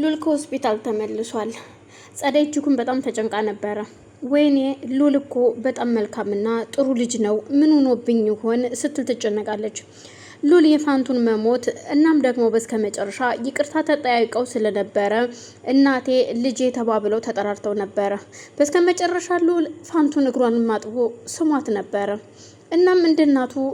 ሉል ከሆስፒታል ተመልሷል። ጸደይ እጅጉን በጣም ተጨንቃ ነበረ። ወይኔ ሉል እኮ በጣም መልካምና ጥሩ ልጅ ነው፣ ምን ሆኖብኝ ይሆን ስትል ትጨነቃለች። ሉል የፋንቱን መሞት እናም ደግሞ በስከ መጨረሻ ይቅርታ ተጠያይቀው ስለነበረ እናቴ ልጄ ተባብለው ተጠራርተው ነበረ። በስከ መጨረሻ ሉል ፋንቱን እግሯን ማጥቦ ስሟት ነበረ። እናም እንደ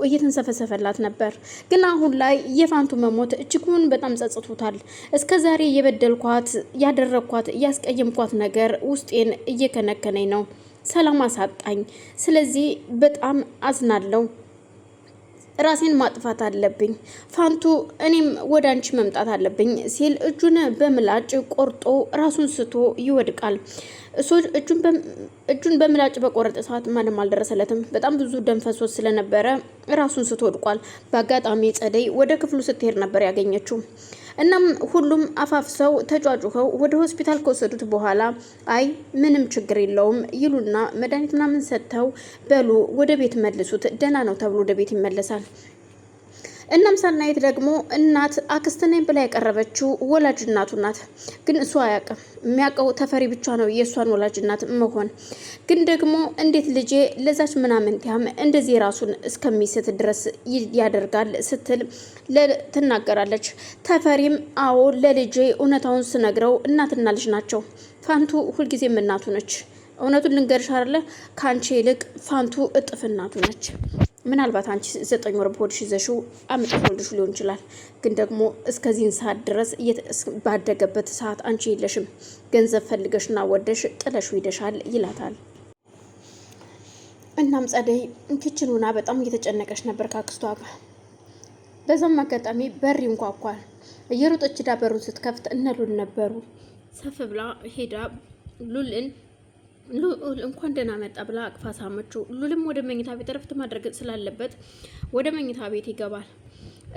እየተንሰፈሰፈላት ነበር። ግን አሁን ላይ የፋንቱ መሞት እጅጉን በጣም ጸጽቶታል። እስከ ዛሬ የበደልኳት፣ ያደረግኳት፣ ያስቀየምኳት ነገር ውስጤን እየከነከነኝ ነው። ሰላም አሳጣኝ። ስለዚህ በጣም አዝናለሁ። ራሴን ማጥፋት አለብኝ ፋንቱ፣ እኔም ወደ አንቺ መምጣት አለብኝ ሲል እጁን በምላጭ ቆርጦ ራሱን ስቶ ይወድቃል። እጁን በምላጭ በቆረጠ ሰዓት ማንም አልደረሰለትም። በጣም ብዙ ደም ፈሶት ስለነበረ ራሱን ስቶ ወድቋል። በአጋጣሚ ጸደይ ወደ ክፍሉ ስትሄድ ነበር ያገኘችው። እናም ሁሉም አፋፍሰው ተጫጩኸው ወደ ሆስፒታል ከወሰዱት በኋላ አይ ምንም ችግር የለውም ይሉና መድኃኒት ምናምን ሰጥተው በሉ ወደ ቤት መልሱት ደህና ነው ተብሎ ወደ ቤት ይመለሳል። እናም ሳናየት ደግሞ እናት አክስት ነኝ ብላ ያቀረበችው ወላጅ እናቱ ናት። ግን እሱ አያውቅም። የሚያውቀው ተፈሪ ብቻ ነው የእሷን ወላጅ እናት መሆን ግን ደግሞ እንዴት ልጄ ለዛች ምናምንቲያም እንደዚህ ራሱን እስከሚስት ድረስ ያደርጋል ስትል ትናገራለች። ተፈሪም አዎ ለልጄ እውነታውን ስነግረው እናትና ልጅ ናቸው። ፋንቱ ሁልጊዜም እናቱ ነች። እውነቱን ልንገርሽ አለ ከአንቺ ይልቅ ፋንቱ እጥፍ እናቱ ነች። ምናልባት አንቺ ዘጠኝ ወር በሆድሽ ይዘሽው አምጥተሽ ወልደሽ ሊሆን ይችላል። ግን ደግሞ እስከዚህን ሰዓት ድረስ ባደገበት ሰዓት አንቺ የለሽም። ገንዘብ ፈልገሽና ወደሽ ጥለሽ ይደሻል ይላታል። እናም ጸደይ ኪችኑና በጣም እየተጨነቀች ነበር ካክስቷ ጋር። በዛም አጋጣሚ በር ይንኳኳል። እየሮጠች ዳ በሩ ስትከፍት እነ ሉል ነበሩ። ሰፍ ብላ ሄዳ ሉልን ሉል እንኳን ደህና መጣ ብላ አቅፋ ሳመችው። ሉልም ወደ መኝታ ቤት እረፍት ማድረግ ስላለበት ወደ መኝታ ቤት ይገባል።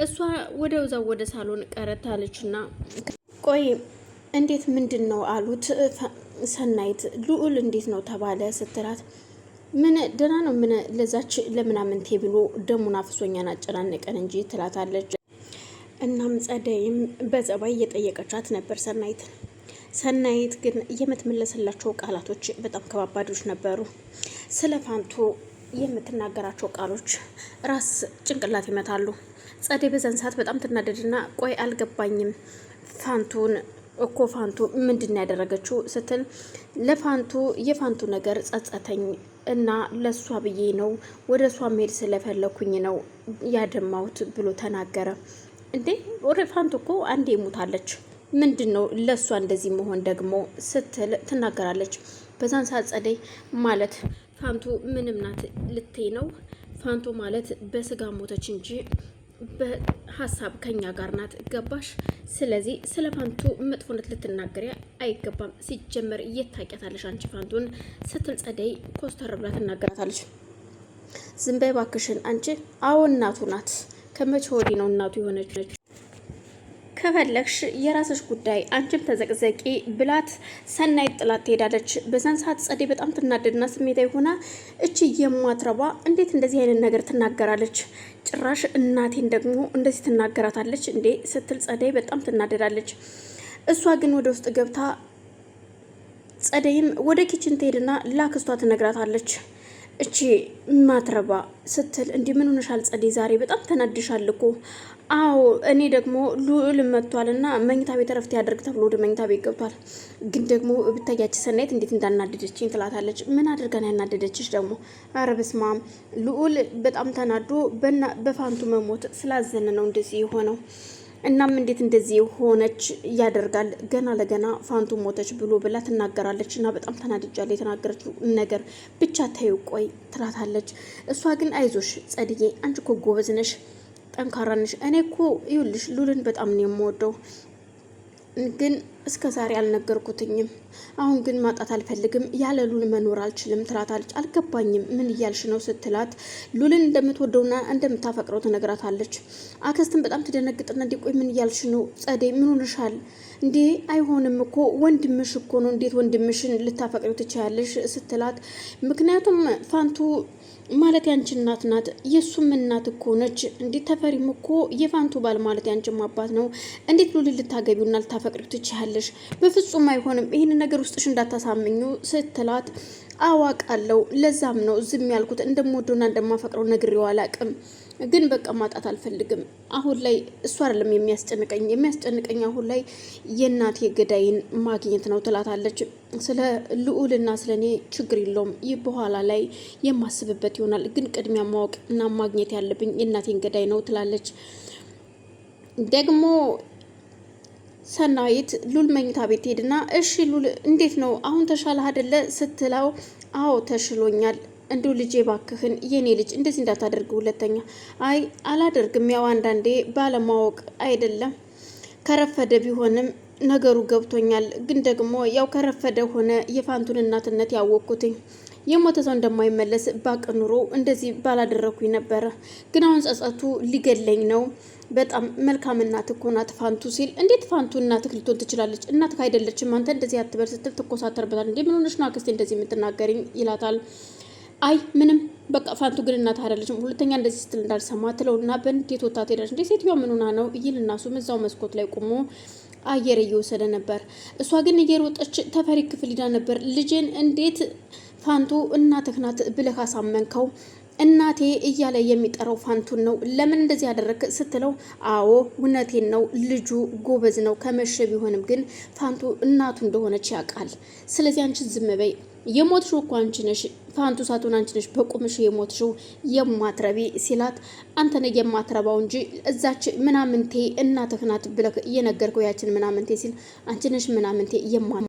እሷ ወደ ውዛው ወደ ሳሎን ቀረት ና ቆይ እንዴት ምንድን ነው አሉት። ሰናይት ሉል እንዴት ነው ተባለ ስትላት ምን ደህና ነው ምን ለዛች ለምናምንቴ ብሎ ደሙን አፍሶኛን አጨናነቀን እንጂ ትላታለች። እናም ጸደይም በጸባይ እየጠየቀቻት ነበር ሰናይት ሰናይት ግን የምትመለስላቸው ቃላቶች በጣም ከባባዶች ነበሩ። ስለ ፋንቱ የምትናገራቸው ቃሎች ራስ ጭንቅላት ይመታሉ። ጸደይ በዛን ሰዓት በጣም ትናደድና ቆይ አልገባኝም ፋንቱን እኮ ፋንቱ ምንድን ያደረገችው ስትል ለፋንቱ የፋንቱ ነገር ጸጸተኝ እና ለሷ ብዬ ነው ወደ እሷ መሄድ ስለፈለኩኝ ነው ያደማሁት ብሎ ተናገረ። እንዴ ሪፋንት እኮ አንዴ ሞታለች። ምንድን ነው ለእሷ እንደዚህ መሆን ደግሞ ስትል ትናገራለች። በዛን ሰዓት ጸደይ ማለት ፋንቱ ምንም ናት ልትይ ነው ፋንቱ ማለት በስጋ ሞተች እንጂ በሀሳብ ከኛ ጋር ናት። ገባሽ? ስለዚህ ስለ ፋንቱ መጥፎነት ልትናገሪያ አይገባም። ሲጀመር እየታቂያታለሽ አንቺ ፋንቱን ስትል ጸደይ ኮስተር ብላ ትናገራታለች። ዝም በይ እባክሽን አንቺ። አዎ እናቱ ናት። ከመቼ ወዲህ ነው እናቱ የሆነች ከፈለግሽ የራስሽ ጉዳይ አንቺም ተዘቅዘቂ ብላት ሰናይ ጥላት ትሄዳለች። በዛን ሰዓት ጸደይ በጣም ትናደድና ስሜታዊ ሆና እቺ የማትረባ እንዴት እንደዚህ አይነት ነገር ትናገራለች? ጭራሽ እናቴን ደግሞ እንደዚህ ትናገራታለች እንዴ ስትል ጸደይ በጣም ትናደዳለች። እሷ ግን ወደ ውስጥ ገብታ ጸደይም ወደ ኪችን ትሄድና ላክስቷ ትነግራታለች። እቺ ማትረባ ስትል እንዲህ ምን ሆነሻል ጸዴ? ዛሬ በጣም ተናድሻል እኮ። አዎ እኔ ደግሞ ልዑል መጥቷል እና መኝታ ቤት እረፍት ያደርግ ተብሎ ወደ መኝታ ቤት ገብቷል። ግን ደግሞ ብታያች ሰናይት እንዴት እንዳናደደችኝ ትላታለች። ምን አድርገን ያናደደችሽ ደግሞ? ኧረ በስመ አብ ልዑል በጣም ተናዶ በፋንቱ መሞት ስላዘነ ነው እንደዚህ የሆነው። እናም እንዴት እንደዚህ ሆነች ያደርጋል ገና ለገና ፋንቱ ሞተች ብሎ ብላ ትናገራለች። እና በጣም ተናድጃለ የተናገረችው ነገር ብቻ ታዩ ቆይ ትላታለች። እሷ ግን አይዞሽ ጸድዬ፣ አንቺ እኮ ጎበዝ ነሽ፣ ጠንካራ ነሽ። እኔ እኮ ይኸውልሽ ሉልን በጣም ነው የምወደው ግን እስከ ዛሬ አልነገርኩትኝም። አሁን ግን ማጣት አልፈልግም፣ ያለ ሉል መኖር አልችልም ትላታለች። አልገባኝም ምን እያልሽ ነው ስትላት ሉልን እንደምትወደውና እንደምታፈቅረው ትነግራታለች። አክስትን በጣም ትደነግጥና እንዴ ቆይ ምን እያልሽ ነው ጸደይ? ምን ሆነሻል እንዴ? አይሆንም እኮ ወንድምሽ እኮ ነው፣ እንዴት ወንድምሽን ልታፈቅሪው ትችያለሽ? ስትላት ምክንያቱም ፋንቱ ማለት ያንቺ እናት ናት፣ የእሱም እናት እኮ ነች። እንዴት ተፈሪም እኮ የፋንቱ ባል ማለት ያንቺም አባት ነው። እንዴት ሉልን ልታገቢውና ልታፈቅሪው ትችያለሽ? ልሽ በፍጹም አይሆንም፣ ይህን ነገር ውስጥሽ እንዳታሳምኙ ስትላት አዋቃለው ለዛም ነው ዝም ያልኩት እንደምወደውና እንደማፈቅረው ነግሬው አላቅም፣ ግን በቃ ማጣት አልፈልግም። አሁን ላይ እሱ አይደለም የሚያስጨንቀኝ፣ የሚያስጨንቀኝ አሁን ላይ የእናቴ ገዳይን ማግኘት ነው ትላታለች። ስለ ልዑልና ስለ እኔ ችግር የለውም፣ ይህ በኋላ ላይ የማስብበት ይሆናል፣ ግን ቅድሚያ ማወቅ እና ማግኘት ያለብኝ የእናቴን ገዳይ ነው ትላለች ደግሞ ሰናይት ሉል መኝታ ቤት ሄድና እሺ ሉል እንዴት ነው አሁን ተሻለ አደለ ስትለው አዎ ተሽሎኛል እንዲሁ ልጄ ባክህን የኔ ልጅ እንደዚህ እንዳታደርግ ሁለተኛ አይ አላደርግም ያው አንዳንዴ ባለማወቅ አይደለም ከረፈደ ቢሆንም ነገሩ ገብቶኛል ግን ደግሞ ያው ከረፈደ ሆነ የፋንቱን እናትነት ያወቅኩትኝ የሞተ ሰው እንደማይመለስ ባቅ ኑሮ እንደዚህ ባላደረኩኝ ነበረ ግን አሁን ጸጸቱ ሊገለኝ ነው በጣም መልካም እናት እኮ ናት ፋንቱ ሲል፣ እንዴት ፋንቱ እናትህ ልትሆን ትችላለች? እናት አይደለችም አንተ እንደዚህ አትበር ስትል ትኮሳተርበታል። እንዴ ምን ሆነሽ ነው አክስቴ እንደዚህ የምትናገርኝ? ይላታል። አይ ምንም በቃ ፋንቱ ግን እናት አይደለችም፣ ሁለተኛ እንደዚህ ስትል እንዳልሰማ ትለው ትለውና በንዴት ወታ ትሄዳለች። እንዴ ሴትዮዋ ምን ሆና ነው እይል እናሱም እዛው መስኮት ላይ ቆሞ አየር እየወሰደ ነበር። እሷ ግን እየሮጠች ተፈሪ ክፍል ሂዳ ነበር። ልጄን እንዴት ፋንቱ እናትህ ናት ብለህ አሳመንከው እናቴ እያለ የሚጠራው ፋንቱን ነው። ለምን እንደዚህ ያደረግ ስትለው አዎ እውነቴን ነው፣ ልጁ ጎበዝ ነው። ከመሸ ቢሆንም ግን ፋንቱ እናቱ እንደሆነች ያውቃል። ስለዚህ አንቺ ዝም በይ፣ የሞትሽው እኮ አንቺ ነሽ ፋንቱ ሳትሆን አንቺ ነሽ በቁምሽ የሞትሽው የማትረቢ ሲላት፣ አንተ ነህ የማትረባው እንጂ እዛች ምናምንቴ እናትህ ናት ብለህ የነገርከው ያችን ምናምንቴ ሲል አንቺ ነሽ ምናምንቴ የማ